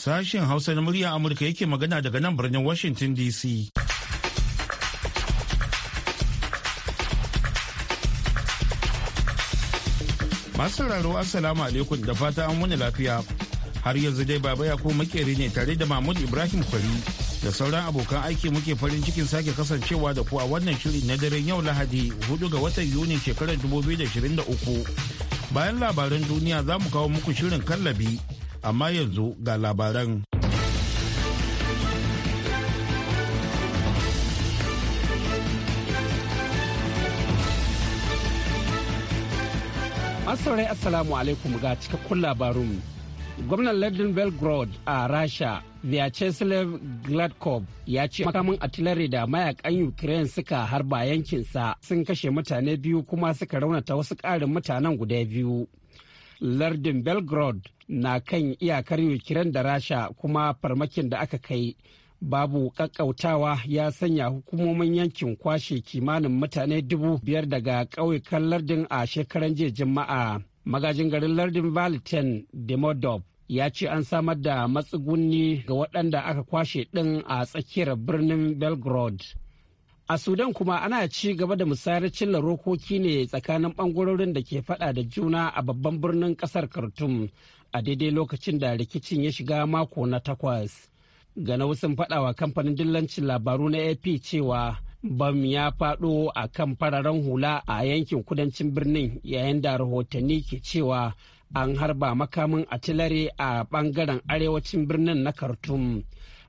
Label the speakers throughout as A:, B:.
A: Sashen Hausa na murya Amurka yake magana daga nan birnin Washington DC. Masu raro Assalamu alaikum da fata an wani lafiya. Har yanzu dai baba ya kuma makeri ne tare da Mahmud Ibrahim Kwari da sauran abokan aiki muke farin cikin sake kasancewa da ku a wannan shiri na daren yau Lahadi Hudu ga watan Yuni shekarar 2023. Bayan labaran duniya za mu kawo muku shirin kallabi. amma yanzu ga labaran
B: Asaurai Assalamu alaikum ga cikakkun labarun. Gwamnan Lardin Belgrade a Rasha, Vyacheslav Gladkov ya ce makamin artillery da mayakan Ukraine suka harba yankinsa sun kashe mutane biyu kuma suka raunata wasu ƙarin mutanen guda biyu. lardin belgrade na kan iyakar ukraine da rasha kuma farmakin da aka kai babu kakkautawa ya sanya hukumomin yankin kwashe kimanin mutane dubu biyar daga ƙauyukan lardin a shekaran jiya juma'a magajin garin lardin valentin demodov ya ce an samar da matsugunni ga waɗanda aka kwashe ɗin a tsakiyar birnin belgrade a sudan kuma ana ci gaba da musayar cilla rokoki ne tsakanin bangarorin da ke fada da juna a babban birnin kasar khartoum a daidai lokacin da rikicin ya shiga mako na takwas ga sun fada wa kamfanin dillancin labaru na ap cewa bam ya fado a kan fararen hula a yankin kudancin birnin yayin da rahotanni ke cewa an harba makamin atilare a bangaren arewacin birnin na khartoum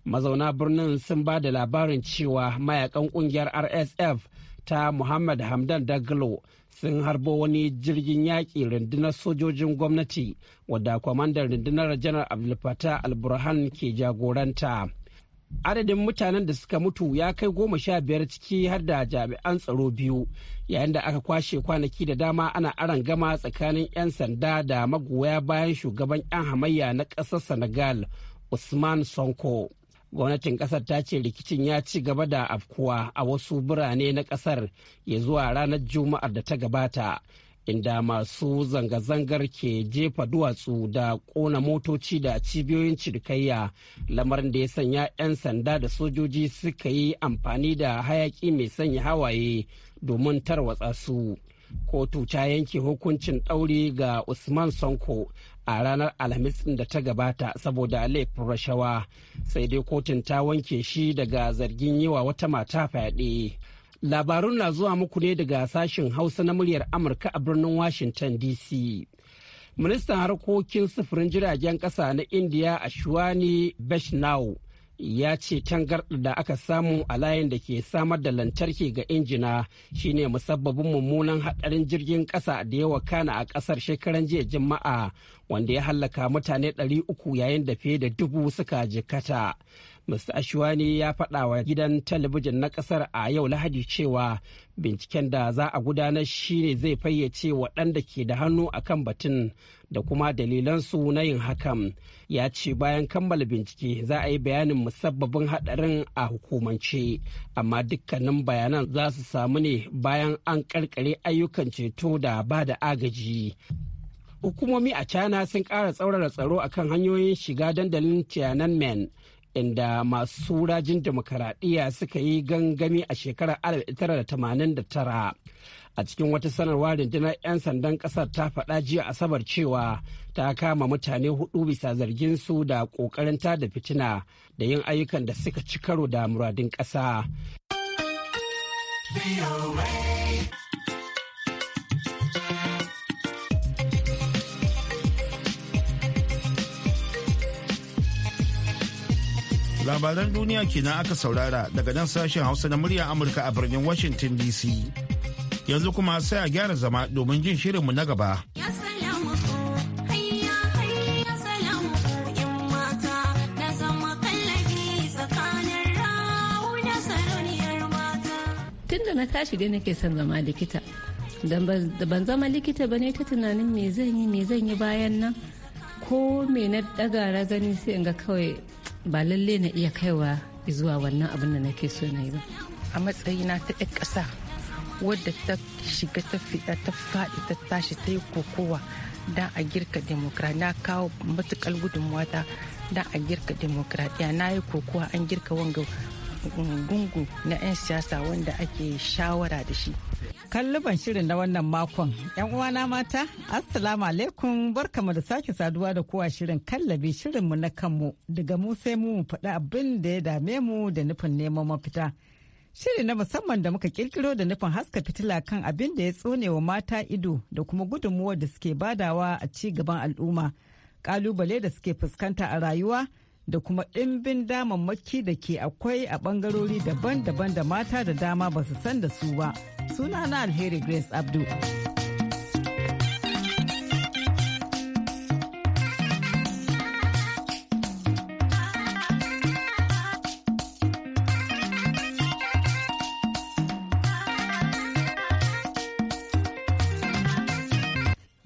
B: mazauna birnin sun ba da labarin cewa mayakan kungiyar rsf ta muhammad hamdan daglo sun harbo wani jirgin yaƙi rundunar sojojin gwamnati wadda kwamandan rundunar janar abdulfata alburhan ke jagoranta adadin mutanen da suka mutu ya kai goma sha biyar ciki har da jami'an tsaro biyu yayin da aka kwashe kwanaki da dama ana aron gama tsakanin 'yan sanda da magoya bayan shugaban 'yan hamayya na ƙasar senegal usman sonko gwamnatin kasar ta ce rikicin ya ci gaba da afkuwa a wasu birane na kasar ya zuwa ranar juma'ar da ta gabata inda masu zanga-zangar ke jefa duwatsu da kona motoci da cibiyoyin cinikayya lamarin da ya sanya 'yan sanda da sojoji suka yi amfani da hayaki mai sanya hawaye domin tarwatsa su kotu ta yanke hukuncin ɗauri ga usman sonko a ranar alhamis da ta gabata saboda laifin rashawa sai dai kotun ta wanke shi daga zargin yiwa wata mata fyaɗe labarun na zuwa muku ne daga sashen hausa na muryar amurka a birnin washington dc ministan harkokin sufurin jiragen ƙasa na indiya ashwani beshnau ya ce tangarɗa da aka samu a layin da ke samar da lantarki ga injina shine musabbabin mummunan haɗarin jirgin ƙasa da yawa kana a ƙasar shekaran jiya juma'a wanda ya hallaka mutane 300 yayin da fiye da dubu suka jikata Mr. Ashwani ya faɗa wa gidan talabijin na ƙasar a yau Lahadi cewa binciken da za a gudanar shi ne zai fayyace waɗanda ke da hannu a kan batun da kuma dalilansu na yin hakan. Ya ce bayan kammala bincike za a yi bayanin musabbabin haɗarin a hukumance, amma dukkanin bayanan za su samu ne bayan an ƙarƙare ayyukan ceto da ba da agaji. hukumomi a china sun ƙara tsaurara tsaro akan hanyoyin shiga dandalin tiananmen inda masu rajin demokaradiyya suka yi gangami a shekarar 1989 a cikin wata sanarwa rundunar 'yan sandan kasar ta faɗa jiya asabar cewa ta kama mutane hudu bisa zargin su da ƙoƙarin ta da fitina da yin ayyukan da suka ci karo da muradin ƙasa.
A: labaran duniya kenan aka saurara daga nan sashen hausa na murya amurka a birnin washington dc yanzu kuma sai a gyara zama domin jin shirinmu na gaba
C: tun na tashi dai nake son zama likita da ban zama likita ba ne ta tunanin me zan yi me zan yi bayan nan ko me na ɗaga na gani sai in ga kawai ba lalle na iya kaiwa zuwa wannan abin da nake so na yi ba
D: a matsayina ta 'yan ƙasa wadda ta shiga ta fita ta faɗi ta tashi ta yi kokowa don a girka demokra na kawo matukar gudunmuwa ta don a girka demokradiya na yi kokowa an girka wanga gungu na 'yan siyasa wanda ake shawara da shi Kalluban shirin na wannan makon, ‘yan
E: uwana mata, Assalamu alaikum barkamu da sake saduwa da kowa shirin kallabi shirinmu na kanmu daga mu sai mu faɗi abin da ya dame mu da nufin neman mafita. Shiri na musamman da muka kirkiro da nufin haska fitila kan abin da ya tsone wa mata ido da kuma gudunmuwar da suke badawa a ci gaban al'umma, ƙalubale da suke fuskanta a rayuwa. da kuma ɗimbin damammaki da ke akwai a ɓangarori daban-daban da mata da dama ba su san da su ba. Suna na Alheri Grace Abdu.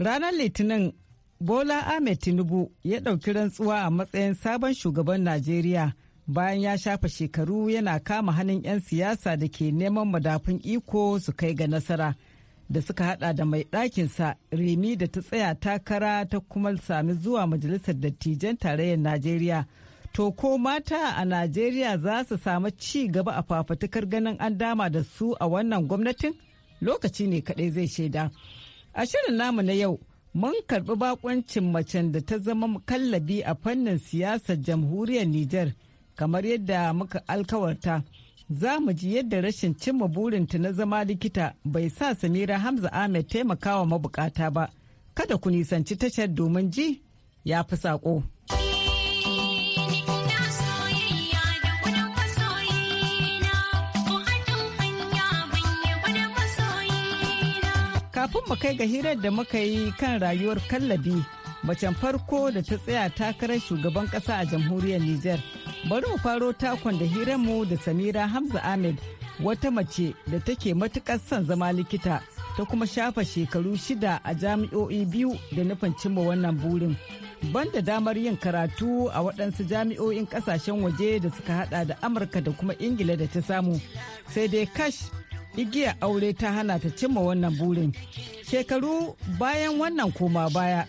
E: Ranar Litinin Bola Ahmed Tinubu ya ɗauki rantsuwa a matsayin sabon shugaban Najeriya bayan ya shafa shekaru yana kama hannun 'yan siyasa da ke neman madafun iko su kai ga nasara da suka hada da mai ɗakinsa Remi da ta tsaya takara ta kuma sami zuwa Majalisar Dattijan Tarayyar Najeriya. To ko mata a Najeriya za su samu ci gaba a fafatukar ganin an dama da su a wannan gwamnatin? Lokaci ne kaɗai zai shaida. A shirin namu na yau. mun karbi bakoncin macen da ta zama kallabi a fannin siyasar jamhuriyar Nijar kamar yadda muka alkawarta. Za mu ji yadda rashin cimma burinta na zama likita bai sa Samira Hamza Ahmed taimakawa mabukata ba. Kada ku nisanci tashar domin ji ya fi saƙo. kafin mu kai ga hirar da muka yi kan rayuwar kallabi macen farko da ta tsaya takarar shugaban kasa a jamhuriyar Nijar. Bari mu faro takon da hiranmu da Samira Hamza Ahmed wata mace da take matukar son zama likita ta kuma shafa shekaru shida a jami'o'i biyu da nufin cimma wannan burin. Banda damar yin karatu a waɗansu jami'o'in ƙasashen waje da suka haɗa da Amurka da kuma Ingila da ta samu. Sai dai kash igiya aure ta hana ta cimma wannan burin shekaru bayan wannan koma baya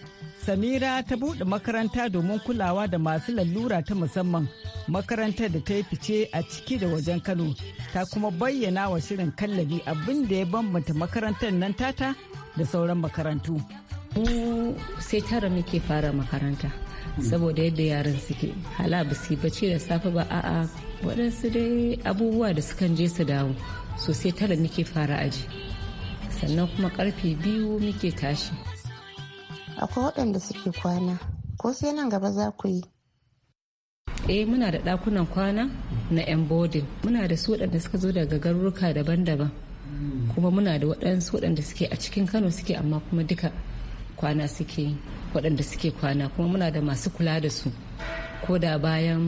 E: samira ta buɗe makaranta domin kulawa da masu lalura ta musamman makarantar da ta yi fice a ciki da wajen kano ta kuma bayyana wa shirin kallabi abin da ya bambanta makarantar nan tata da sauran makarantu mu sai tara muke fara makaranta saboda yadda yaran
C: suke hala ba su da safe ba a'a waɗansu dai abubuwa da sukan je su dawo sosai tara nake fara aji sannan kuma karfe biyu muke
F: tashi akwai waɗanda suke kwana ko sai nan gaba za ku yi
C: eh muna da ɗakunan kwana na yan bodin muna da su waɗanda suka zo daga garuruka daban-daban kuma muna da waɗansu waɗanda suke a cikin kano suke amma kuma duka kwana suke waɗanda suke kwana kuma muna da masu kula da su ko da bayan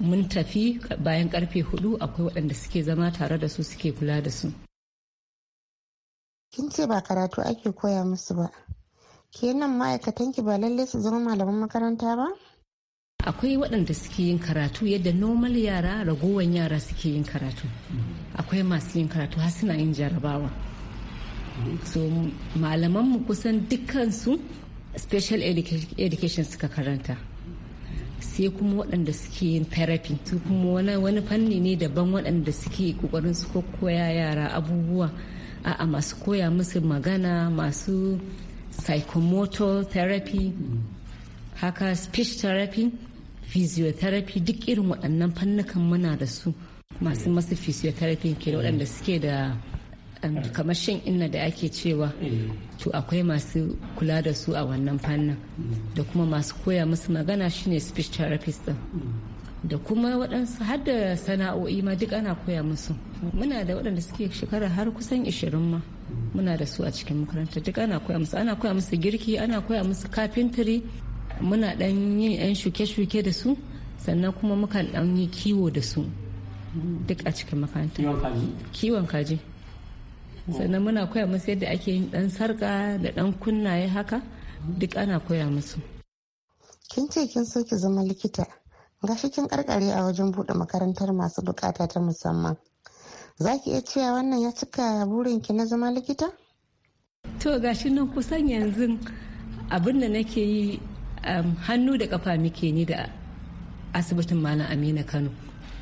C: mun tafi bayan karfe hudu akwai waɗanda suke zama tare da su suke kula da su
F: kin ce ba karatu ake koya musu ba kenan ki ba lalle su zama malaman makaranta ba
C: akwai waɗanda suke yin karatu yadda normal yara ragowan yara suke yin karatu akwai masu yin karatu har suna yin jarabawa so malamanmu mu kusan dukkansu special education suka karanta sai kuma waɗanda suke yin therapy su kuma wani fanni ne daban waɗanda suke kokarin su koya yara abubuwa a'a masu koya musu magana masu psychomotor therapy haka speech therapy physiotherapy duk irin waɗannan fannukan muna da su masu masu physiotherapy ke waɗanda suke da kamar shan inna da ake cewa to akwai masu kula da su a wannan fannin da kuma masu koya musu magana shine speech therapist din da kuma waɗansu har da sana'o'i ma duk ana koya musu muna da waɗanda suke shekara har kusan 20 ma muna da su a cikin makaranta duk ana koya musu ana koya musu girki ana koya musu kafintiri muna ɗan yin 'yan shuke-shuke da su sannan kuma mukan ɗan yi kiwo da su duk a cikin makaranta kiwon kaji sannan muna koya musu yadda ake yin dan sarka da dan kunnaye haka duk ana koya musu
F: kin ce kin soke zama likita gashi kin karkare a wajen bude makarantar masu bukata ta musamman za ki iya cewa wannan ya cika burin ki na zama likita
C: to gashi nan kusan yanzu abin da nake yi hannu da kafa muke ni da asibitin malam amina kano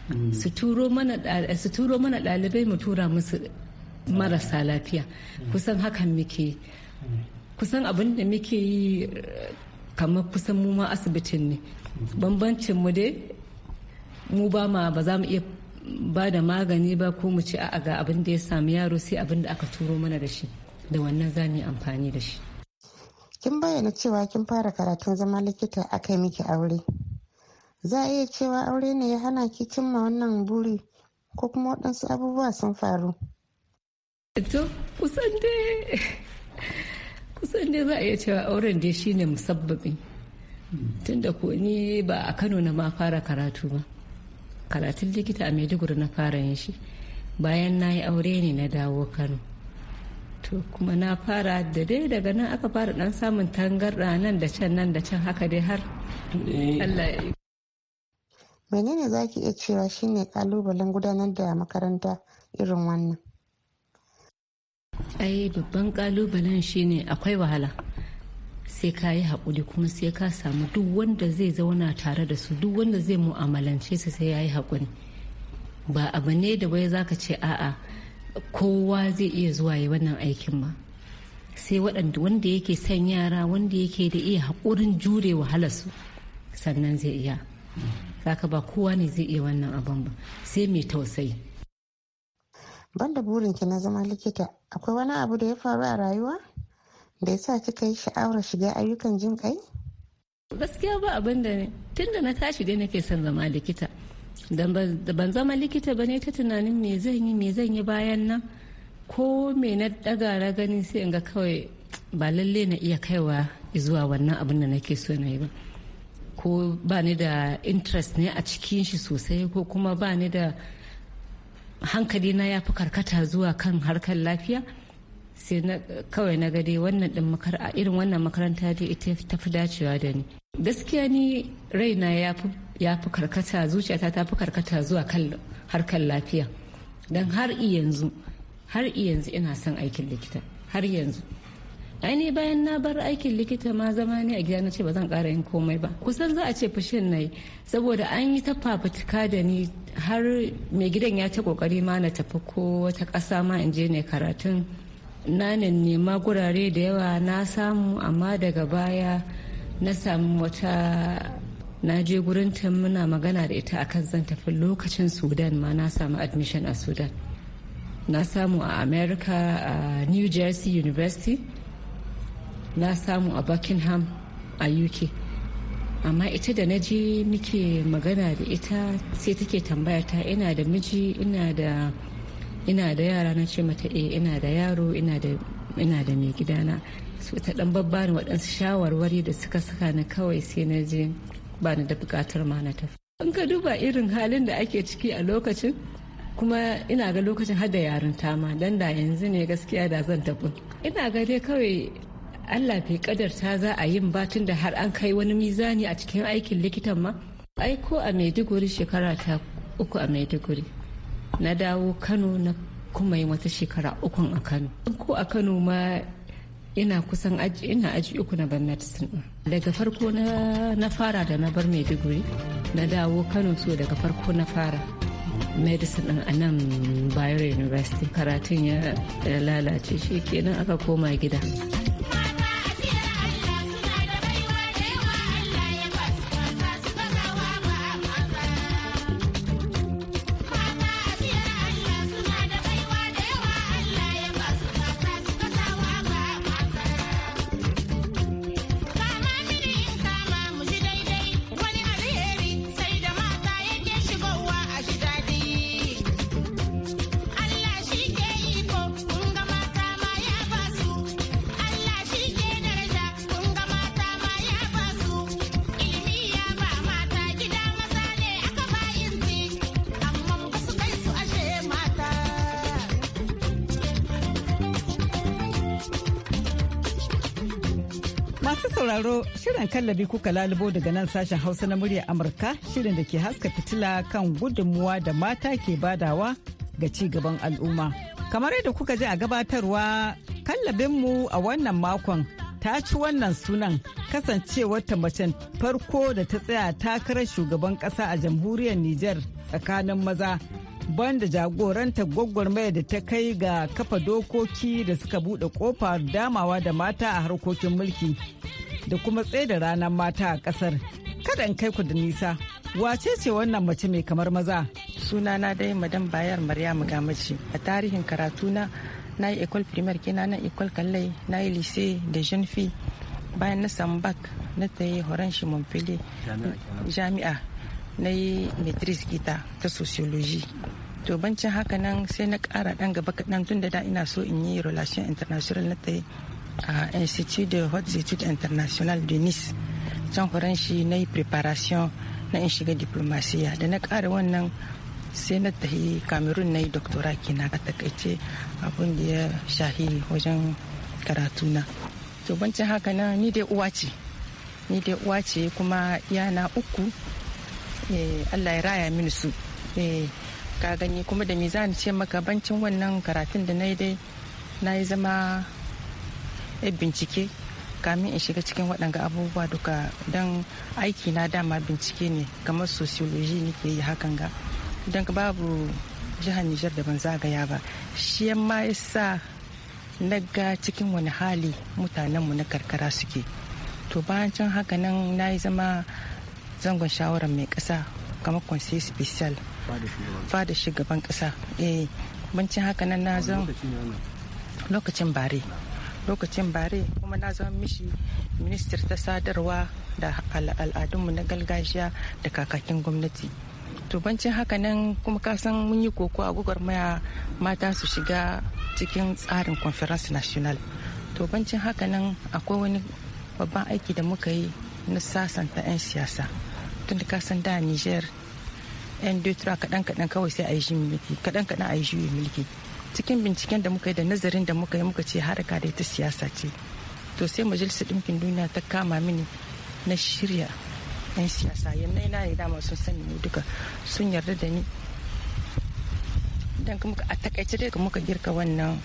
C: mm. su turo mana ɗalibai mu tura musu marasa lafiya kusan hakan muke kusan abin da muke yi kamar kusan mu ma asibitin ne bambancin mu dai mu ba ma ba za mu iya ba da magani ba ko mu ci a ga abin da ya sami yaro sai abin da aka turo mana da shi da wannan za mu yi amfani da shi
F: kin bayyana cewa kin fara karatun zama likita akai miki aure za a iya cewa aure ne ya hana ki cimma wannan buri ko kuma waɗansu abubuwa sun faru To, kusan dai
C: za a iya cewa auren dai shine musabbabi tunda ko ni ba a Kano na ma fara karatu ba. Karatun likita a Maiduguri na fara yin shi. Bayan na yi aure ne na dawo Kano. To kuma na fara da dai daga nan aka fara dan samun tangarɗa nan da can nan da can haka dai har eh. Allah ya
F: Menene za ki iya cewa shine kalubalen gudanar da makaranta irin wannan? ai babban kalubalen shine akwai
C: wahala sai ka yi haƙuri kuma sai ka samu duk wanda zai zauna tare da su duk wanda zai mu'amalance su sai ya yi haƙuri ba abu ne da wai za ka ce a'a kowa zai iya zuwa yi wannan aikin ba sai waɗanda wanda yake son yara wanda yake da iya haƙurin jure wahalarsu sannan zai iya zaka ba kowa ne zai iya wannan abin ba sai mai tausayi
F: banda burinki na zama likita akwai wani abu da ya faru a rayuwa da ya sa kika yi sha'awar shiga ayyukan jin kai
C: gaskiya ba abin da ne tun da na tashi dai nake son zama likita da ban zama likita ba ne ta tunanin me zan yi me zan yi bayan nan ko me na dagara gani sai in ga kawai ba lalle na iya kaiwa zuwa wannan abin da nake so na yi ba ko ba ni da interest ne a cikin shi sosai ko kuma ba ni da hankali na ya fi karkata zuwa kan harkar lafiya sai na kawai na gade wannan din makaranta irin wannan makaranta dai ita ta fi dacewa da ni gaskiya ni raina ya fi karkata zuciyata ta fi karkata zuwa kan harkar lafiya don har yanzu har yanzu ina son aikin likita har yanzu aini bayan na bar aikin likita ma zama ne a gida na ce ba zan ƙara yin komai ba kusan za a ce fushin na yi saboda an yi ta fafutuka da ni har mai gidan ya ta kokari ma na tafi ko wata ƙasa ma in je ne karatun na nema gurare da yawa na samu amma daga baya na samu wata na je gurin muna magana da ita akan zan tafi lokacin sudan ma na samu admission a sudan na samu a america a new jersey university na samu a buckingham a uk amma ita da na je nike magana da ita sai take tambaya ta ina da miji ina da yara na ce mata eh ina da yaro ina da mai gidana su ta dan babbani waɗansu shawarwari da suka saka ni kawai sai na je ba ni da bukatar ma na tafi in ka duba irin halin da ake ciki a lokacin kuma ina ga lokacin har hada yarinta ma dan da yanzu ne gaskiya da zan tafi ina ga dai kawai Allah bai ta za a yin batun da har an kai wani mizani a cikin aikin likitan ma aiko a maiduguri shekara ta uku a maiduguri na dawo kano na kuma yi wata shekara ukun a kano ko a kano ma ina kusan aji ina aji uku na bar medicine daga farko na fara da na bar maiduguri na dawo kano so daga farko na fara medicine din a nan bayero university karatun ya lalace shi kenan aka koma gida
E: Shirin kallabi kuka lalubo daga nan sashen Hausa na murya Amurka shirin da ke haska fitila kan gudunmuwa da mata ke badawa ga ci gaban al'umma. Kamar yadda kuka ji a gabatarwa kallabinmu a wannan makon ta ci wannan sunan kasancewar ta macen farko da ta tsaya takarar shugaban kasa a jamhuriyar niger tsakanin maza banda jagoranta gwagwarmaya da ta kai ga kafa dokoki da suka buɗe ƙofar damawa da mata a harkokin mulki. da kuma tsaida ranar mata a kasar kada in kai ku da nisa
D: wace ce wannan mace mai kamar maza suna na dai madan bayar maryamu gamaci a tarihin karatuna na yi école primaire kina na école kallai na yi lycée da jeune bayan na samu bac na ta yi horon shi montpellier jami'a na yi matrice gita ta sociologie. to bancin haka nan sai na kara dan gaba kaɗan tun da da ina so in yi relation international na ta yi a institut de hautes études internationales de nice can horon shi na yi preparation na in shiga diplomasiya da na kara wannan sai na tafi cameroon na yi doctora a takaice abin da ya shahi wajen karatu na to bancin haka na ni dai uwa ce ni dai uwa ce kuma yana uku eh, allah ya raya mini su eh, ka gani kuma da mizan ce maka bancin wannan karatun da na yi dai na yi zama bincike kamin in shiga cikin waɗanga abubuwa duka don aiki na dama bincike ne kamar sociology ke yi hakan ga don babu jihar nijar da ban zagaya ba shi ma yasa na ga cikin wani hali mutanenmu na karkara suke to bayan can haka nan na yi zama zangon shawarar mai kasa kamar conseil special fada shugaban ƙasa eh bancin haka nan na zan lokacin bare lokacin bare kuma na zama mishi ministir ta sadarwa da al'adunmu na gargajiya da kakakin gwamnati to bancin haka nan kuma kasan mun yi koko a gwagwarmaya mata su shiga cikin tsarin conference national to bancin haka nan akwai wani babban aiki da muka yi na sasanta 'yan siyasa tun da kasan da niger 'yan dutura kaɗan-kaɗan kawai sai a yi juyin mulki kaɗan-kaɗan a yi mulki cikin binciken da muka yi da nazarin da muka yi muka ce haraka da ita siyasa ce to sai majalisar ɗinkin duniya ta kama mini na shirya 'yan siyasa yanayi yana da dama sun sani mu duka sun yarda da ni don kuma a takaice dai muka girka wannan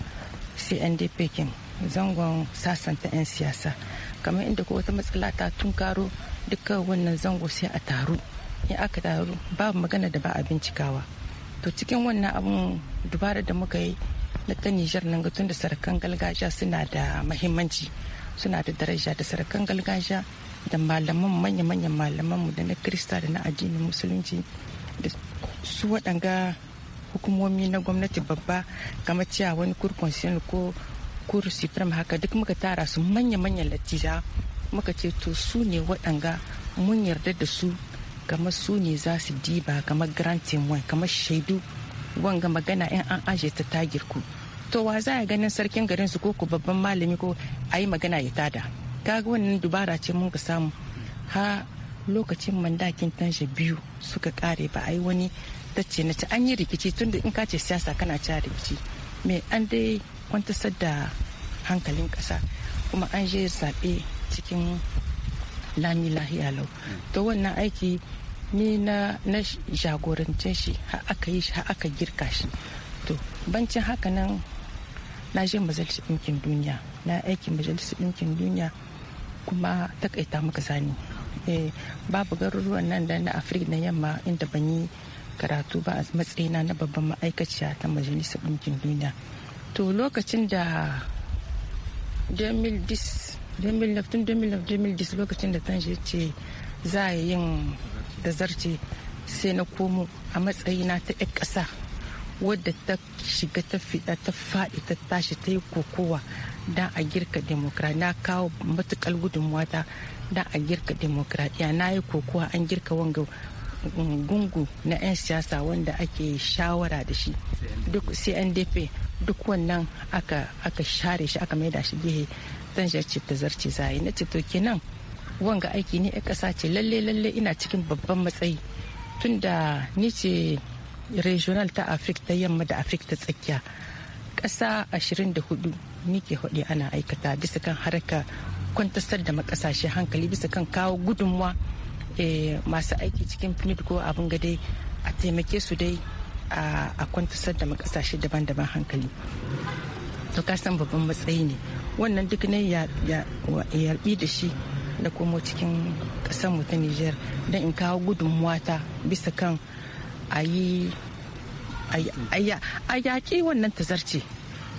D: cndp kin zangon sasanta 'yan siyasa kamar inda ko wata matsala ta tunkaro duka wannan zango sai a taru in aka taru babu magana da ba a bincikawa to cikin wannan abun dubara da muka yi na ta nijar nan ga tunda sarakan gargajiya suna da mahimmanci suna da daraja da sarakan gargajiya da malaman manya-manyan malaman mu da na krista da na addinin musulunci da su waɗanga hukumomi na gwamnati babba kamar cewa wani kurkun ko kursi haka duk muka tara su manya-manyan latija muka ce to su ne waɗanga mun yarda da su kamar su ne za su diba kamar grand wan kamar shaidu wanga magana yan an aje ta ku to wa za a ganin sarkin garin su ko babban malami ko a yi magana ya tada kaga wannan dubara ce mun ka samu ha lokacin mandakin tanshe biyu suka kare ba a yi wani tacce na ci an yi rikici tunda in ka ce siyasa kana ci rikici mai an dai kwantasar da hankalin kasa kuma an je zaɓe cikin lami lahiya lau to wannan aiki ni na jagorance shi har aka yi shi har aka girka shi to bancin haka nan na je majalisar ɗinkin duniya na aikin majalisar ɗinkin duniya kuma takaita muka sani eh, babu garuruwan nan da na afirka na yamma inda ban yi karatu ba a matsayina na babban ma'aikaciya ta majalisar ɗinkin duniya to lokacin da 2010 lokacin da tanshi ce za a yin da zarce sai na komo a matsayina ta 'yan ƙasa wadda ta shiga ta fita ta faɗi ta tashi ta yi kokowa don a girka demokra na kawo matukar gudunmuwata don a girka demokradiyya na yi kokowa an girka wanga gungu na 'yan siyasa wanda ake shawara da shi duk cndp duk wannan aka share shi aka maida shi gehe zan ce ta zarce zaye na ce to kenan wanga aiki ne ya kasa ce lalle lalle ina cikin babban matsayi tun da ni ce regional ta afirka ta yamma da afirka ta tsakiya ƙasa 24 ni ke hudu ana aikata bisa kan haraka kwantasar da makasashe hankali bisa kan kawo gudunmuwa eh, masu aiki cikin pnid e ko abin dai a taimake su dai a kwantasar da makasashe daban-daban hankali to ka babban matsayi ne wannan duk ne ya yarbi da shi da kuma cikin kasar mu ta nijar don in kawo gudunmuwata bisa kan a yaƙi wannan tazarce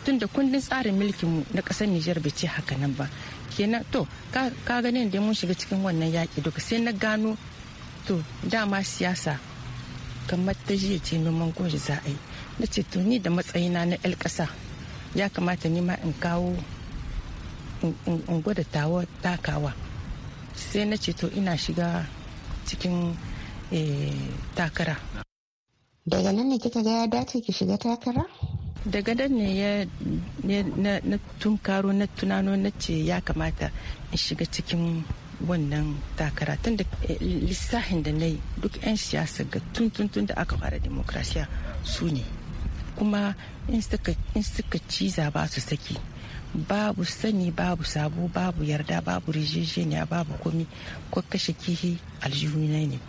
D: tun da kundin tsarin mulkinmu na ƙasar nijar bai ce haka nan ba kenan to ka ganin da mun shiga cikin wannan yaƙi duka sai na gano to dama siyasa kamar ta jiya ce noman goji za a yi na ce to ni da matsayina na 'yan ƙasa ya kamata ni ma in kawo in gwada takawa sai na ce to ina shiga cikin
F: eh, takara daga nan ne kika ga ya dace ki shiga takara
D: daga nan ne ya na tunkaro na tunano na ce ya kamata in shiga cikin wannan takara tun da eh, lissafin da na yi duk 'yan siyasa ga tun da aka fara demokrasiya su ne kuma in suka ciza ba su saki babu sani babu sabo babu yarda babu rijijiniya babu komi ko kashe kihi aljihuna ne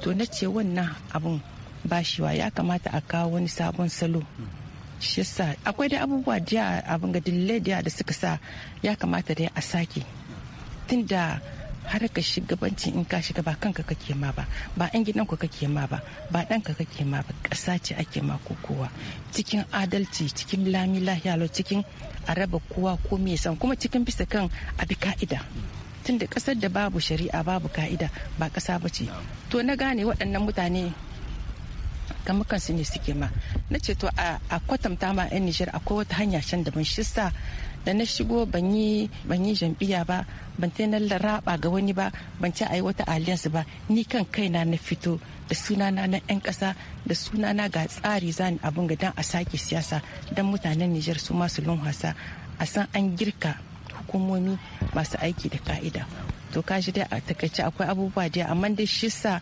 D: to na ce wannan abun bashiwa ya kamata a kawo wani sabon salo shi sa akwai da abubuwa da abin ga dillai da suka sa ya kamata dai a sake tunda har ka shugabanci in ka shiga ba kanka kake ma ba ba yan gidanku kake ma ba ba ka kake ma ba ƙasa ce ake ma ko kowa cikin adalci cikin lami lahiyalo cikin a raba kowa ko me san kuma cikin bisa kan abi ka'ida tunda ƙasar da babu shari'a babu ka'ida ba ƙasa ba ce to na gane waɗannan mutane kamar kansu ne suke ma na ce to a kwatanta ma 'yan nijar akwai wata hanya can daban shi sa da na shigo ban yi jam'iyya ba ban ta na raba ga wani ba ban ci a yi wata alliance ba ni kan kai na na fito da sunana na 'yan kasa da sunana ga tsari zan abin ga dan a sake siyasa dan mutanen nijar su masu lunhasa a san an girka hukumomi masu aiki da ka'ida to kashi dai a takaice akwai abubuwa dai amma dai shi sa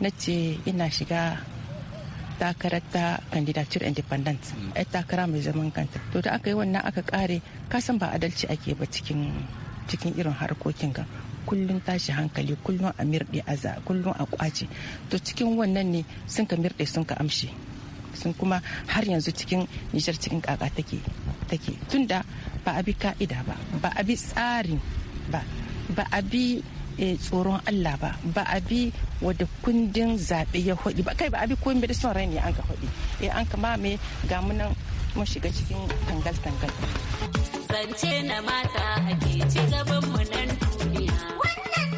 D: na ce ina shiga takarar ta candidature independent mm. yar takara mai zaman kanta to da aka yi wannan aka kare kasan ba adalci ake ba cikin cikin irin harkokin ga kullun tashi hankali kullum a mirɗe a za kullum a kwace to cikin wannan ne sun ka mirɗe sun ka amshe sun kuma har yanzu cikin nijar cikin kaka take take tunda ba a bi ka'ida ba ba a bi tsarin ba ba a bi Eh, tsoron Allah ba ba a bi wadda kundin zaɓe ya hudu ba kai ba a bi komai da son rai ne an ka hudu eh an ka mame ga munan mun shiga cikin tangal tangal
G: zance na mata ake ci gaban mu nan duniya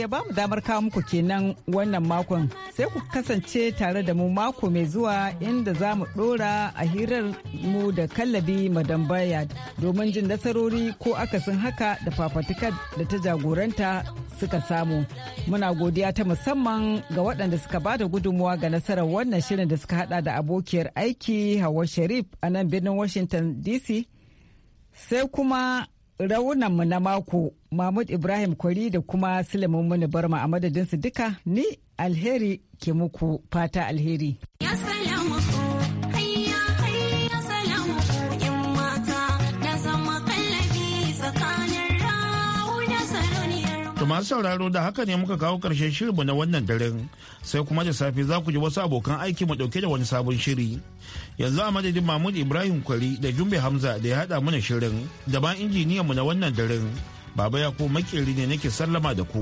E: lokaci ya bamu damar kawo muku kenan wannan makon sai ku kasance tare da mu mako mai zuwa inda za mu dora a hirar mu da kallabi madam bayad domin jin nasarori ko akasin haka da fafatikar da ta jagoranta suka samu muna godiya ta musamman ga waɗanda suka ba da gudunmuwa ga nasarar wannan shirin da suka hada da abokiyar aiki hawa sharif a nan birnin washington dc sai kuma raunanmu na mako Mahmud Ibrahim Kwari da kuma Suleiman Muni Barma a madadinsu duka ni alheri ke muku fata alheri.
G: Yes,
A: masu sauraro da haka ne muka kawo ƙarshen shirinmu na wannan daren sai kuma da safe za ku ji wasu abokan aiki mu ɗauke da wani sabon shiri. Yanzu a madadin Mahmud Ibrahim Kwari da Jumbe Hamza da ya haɗa mana shirin da ban mu na wannan daren. Baba ya ko makeri ne nake sallama da ku.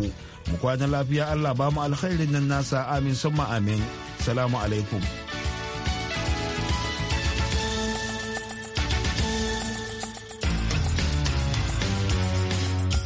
A: Mu kwana lafiya Allah ba mu alkhairin nan nasa amin summa amin. Salamu alaikum.